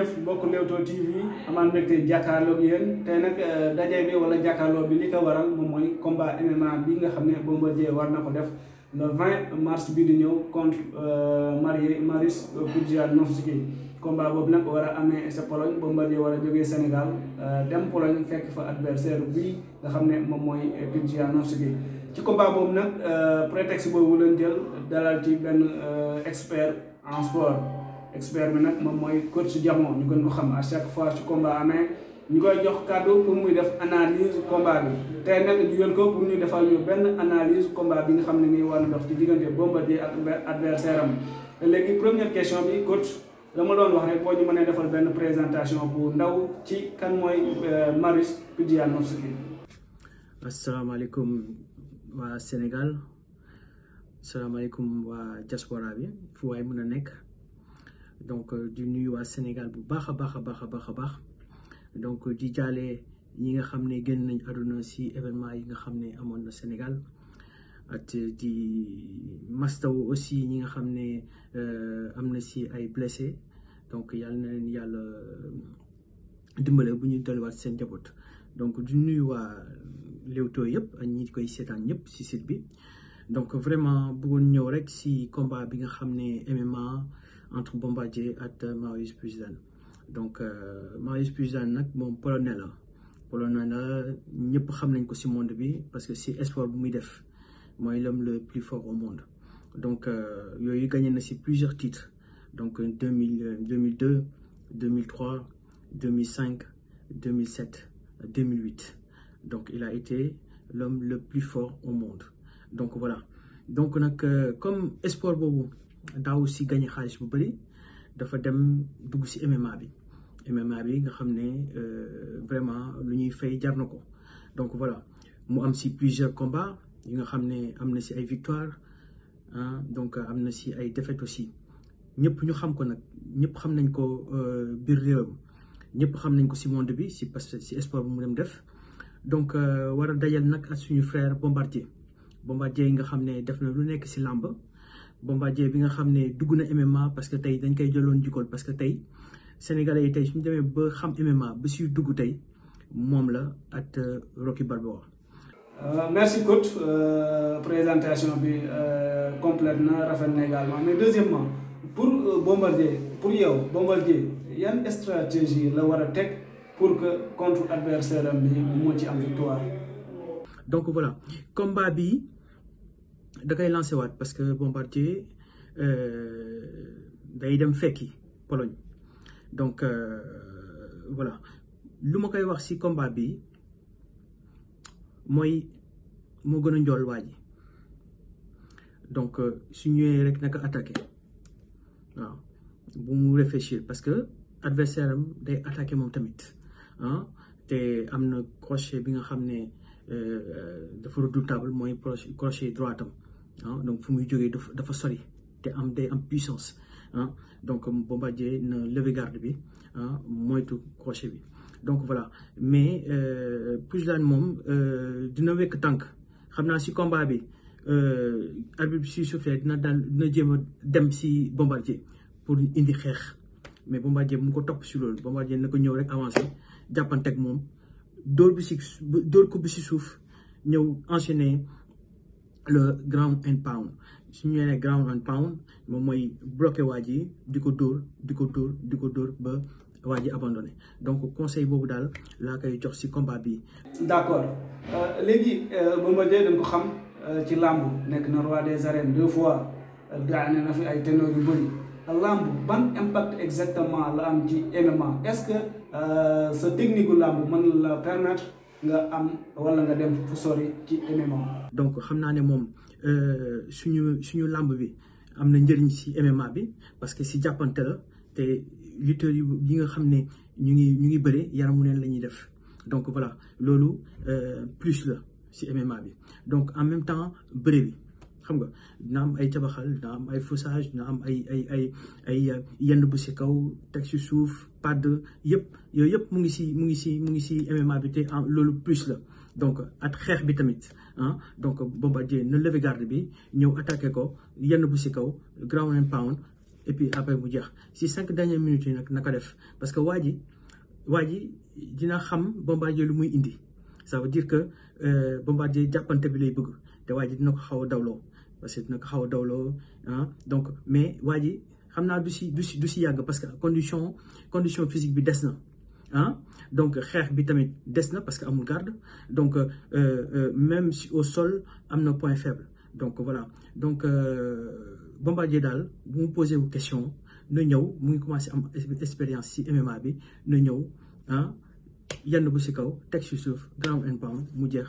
jëf mbokk Leewtoo TV amaan mbégte jàkkaarloo ak yéen tey nag euh, daje bi wala jàkkaarloo bi li ka waral moom mooy combat MMA bi nga xam ne Bombardier war na ko def le 20 mars bi di ñëw contre euh, Marie Maris Pudzianowski combat boobu nag war a amee sa Pologne Bombardier war a jógee Sénégal euh, dem Pologne fekk fa adversaire bii nga xam ne moom mooy Pudzianowski ci combat boobu nag prétexte boobu lañ jël dalal ci benn expert en sport. expert bi nag moom mooy coach Diamo ñu gën ko xam à chaque fois su combat amee ñu koy jox kàddu pour muy def analyse combat bi tey nag ñu gën ko pour ñu defal ñu benn analyse combat bi nga xam ne nii war na dox ci diggante Bombardier ak adversaire am léegi première question bi coach la doon wax rek boo ñu mënee defal benn présentation bu ndaw ci kan mooy euh, Marius Pudzianowski. asalaamaaleykum waa Sénégal asalaamaaleykum waa diaspora bi fu waay mën a nekk. donc euh, di nuyu waa Sénégal bu baax a baax a baax a baax a baax donc euh, di jaale ñi nga xam ne génn nañ àdduna si événement yi nga xam ne amoon na Sénégal at di mastaw aussi ñi nga xam ne euh, am na si ay blessé donc yàlla na leen yàlla dimbale bu ñu delluwaat seen njaboot donc di nuyu waa Leewtoo yëpp ak ñi koy seetaan ñëpp si site bi donc vraiment bëggoon ñëw rek si combat bi nga xam ne MMA entre Bombardier ak Marius Pusdane donc euh, Marius Pusdane nag moom polonais la polonais la ñëpp xam nañ ko ci monde bi parce que si espoir bu muy def mooy l'homme le plus fort au monde donc euh, yooyu gagné na ci plusieurs titres donc 2000 2002 2003 2005 2007 2008 donc il a été l'homme le plus fort au monde donc voilà donc nag euh, comme espoir boobu daaw si gagné xaalis bu bëri dafa dem dugg si MMA bi MMA bi nga xam ne euh, vraiment lu ñuy fay jar na ko donc voilà mu am si plusieurs combats yi nga xam ne am na si ay victoire ah donc am na si ay défaites aussi ñëpp ñu xam ko nag ñëpp xam nañ ko euh, biir réew ñëpp xam nañ ko si monde bi si parce que si espoir bu mu dem def donc euh, war a dajal nag ak suñu frère Bombardier Bombardier yi nga xam ne def na lu nekk si làmb Bombardier bi nga xam ne dugg na MMA parce que tey dañ koy jëloon jikkoon parce que tey sénégalais yi tey suñ demee ba xam MMA bi siy dugg tey moom la at euh, Rocky Balboa. Euh, merci coach euh, présentation bi complète na rafet na également mais deuxièmement pour Bombardier pour yow Bombardier yan stratégie la war a teg pour que contre adversaire am bi moo ci am victoire. donc voilà combat bi. da koy lancé waat parce que Bombardier euh, day dem fekki Pologne donc euh, voilà lu ma koy wax si combat bi mooy moo gën a njool waa donc euh, su ñëwee rek naka attaqué waaw bu mu réfléchir parce que adversaire am day attaqué moom tamit ah. te am na crochet bi nga xam ne dafa redoutable mooy crochet droit am ah donc fu muy jógee dafa dafa sori te am day am puissance ah donc euh, Bombardier na lever bi ah moytu crochet bi donc voilà mais euh, Pugilan moom euh, dina wekk tànk xam naa si combat bi arbitre bi suy soufflé dina daal dina jéem a dem si Bombardier pour indi xeex mais Bombardier mu ko topp si loolu Bombardier na ko ñëw rek avancé jàppanteek moom dóor bi si suuf ñëw enchaîné. le ground and pound su ñu nee ground and pound moom mooy bloqué waa ji di ko dóor di ko dóor di ko dóor ba waa ji abandonné donc conseil boobu daal laa koy jox ci combat bi. d' accord euh, léegi euh, Bomba Dieng dañ ko xam euh, ci làmb nekk na roi des arènes deux fois daane na fi ay ténor yu bëri làmb ban impact exactement la am ci MMA est ce que sa technique làmb mën la permettre. nga am wala nga dem fu sori ci MMA. donc xam naa ne moom euh, suñu suñu làmb bi am na njëriñ si MMA bi parce que si jàppante la te lutteurs yi nga xam ne ñu ngi ñu ngi bëre yaramu ne la ñuy def donc voilà loolu euh, plus la si MMA bi donc en même temps bëre bi. xam nga dina am ay tabaxal dina am ay faussage dina am ay ay ay ay yenn bu si kaw teg si suuf padd yëpp yooyu yëpp mu ngi si mu ngi si mu ngi si MMA bi te loolu plus la donc at xeex bi tamit ah donc Bombardier na lever bi ñëw attaqué ko yenn bu si kaw ground and et puis après bu jeex si cinq dernières minutes yi nag naka def parce que waa ji waa ji dina xam Bombardier lu muy indi sa veut dire que euh, Bombardier jàppante bi lay bëgg te waa ji dina ko xaw a dawloo parce que nag xaw a dawloo ah donc mais waa ji xam naa du si du si du si yàgg parce que condition condition physique bi des na ah donc xeex bi tamit des na parce que amul garde donc euh, euh, même si au sol am na point faible donc voilà donc euh, Bombardier daal bu mu posé wu question na ñëw mu ngi commencé am expérience si MMA bi na ñëw ah yenn bu si kaw teg si suuf ground and pound mu jeex.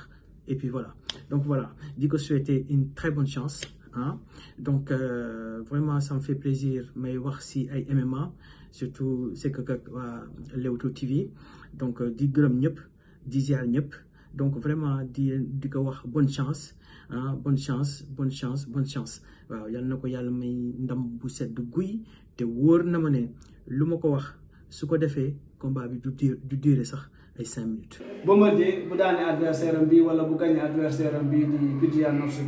Et voilà. Donc voilà, di ko souhaiter une très bonne chance. Hein? Donc euh, vraiment, ça me fait plaisir. Mais voir si ay MMA, surtout c'est que que waa Leewtoo TV donc euh, di gërëm ñëpp di ziar ñëpp. donc vraiment di di ko wax bonne chance ah bonne chance bonne chance bonne chance waaw yal na ko yàlla may ndam bu sedd guy te wóor na ma ne lu ma ko wax su ko defee combat bi du du sax. ay cinq minutes. bu daane adversaire bi wala bu gagné adversaire am bi di Pudzianowski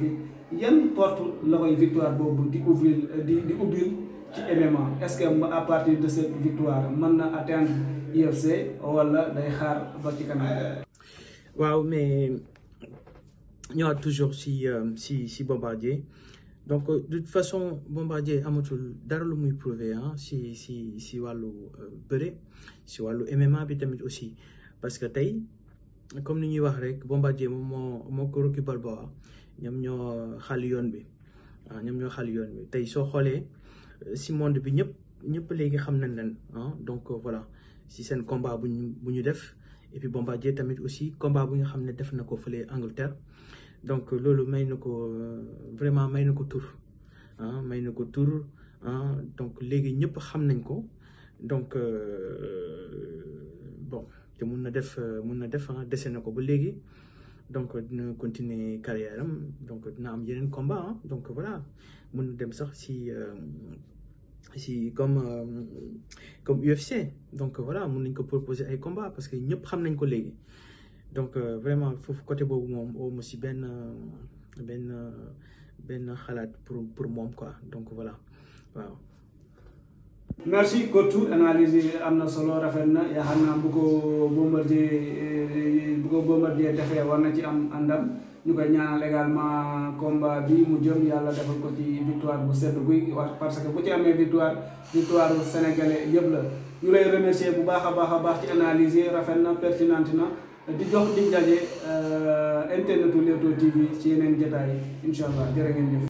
bi yan porte la koy victoire boobu di ubbil ci MMA est-ce que à de cette victoire mën na atteindre UFC wala day xaar ba ci waaw mais ñëwaat toujours si euh, si si Bombardier donc euh, de toute façon Bombardier amatul dara lu muy prouver si si si wàllu euh, bëre si wàllu MMA bi tamit aussi. parce que tey comme ni ñuy wax rek Bombardier moo moo ko Rocky Balboa ñoom ñoo xal yoon bi ah ñoo xal yoon bi tey soo xoolee euh, si monde bi ñëpp ñëpp léegi xam nañ leen ah donc euh, voilà si seen combat bu bu ñu def et puis tamit aussi combat bu nga xam ne def na ko fële Angleterre donc euh, loolu may na ko vraiment may na ko tur ah, may na ko tur ah donc léegi ñëpp xam nañ ko donc bon. mun na def mun na def ah dese na ko ba léegi donc dina continuer carrière am donc dina am yeneen combat ah. donc voilà mun na dem sax si euh, si comme euh, comme UFC donc voilà mun nañ ko proposer ay combat parce que ñëpp xam nañ ko léegi donc euh, vraiment foofu côté boobu moom au moins si benn benn benn xalaat pour pour moom quoi donc voilà waaw. merci Gourtou analyse am na solo rafet na xam naa bu ko Bombardier eh, bu ko Bombardier defee war na ci am àndam ñu koy ñaanal également combat bi mu jëm yàlla defal ko ci victoire bu sedd guy wax parce que bu ci amee victoire victoire sénégalais yëpp la ñu lay remercier bu baax a baax a baax ci analyse rafet na pertinente na di jox di jaje euh, internetu Leewtoo TV ci yeneen jotaay yi incha allah jërë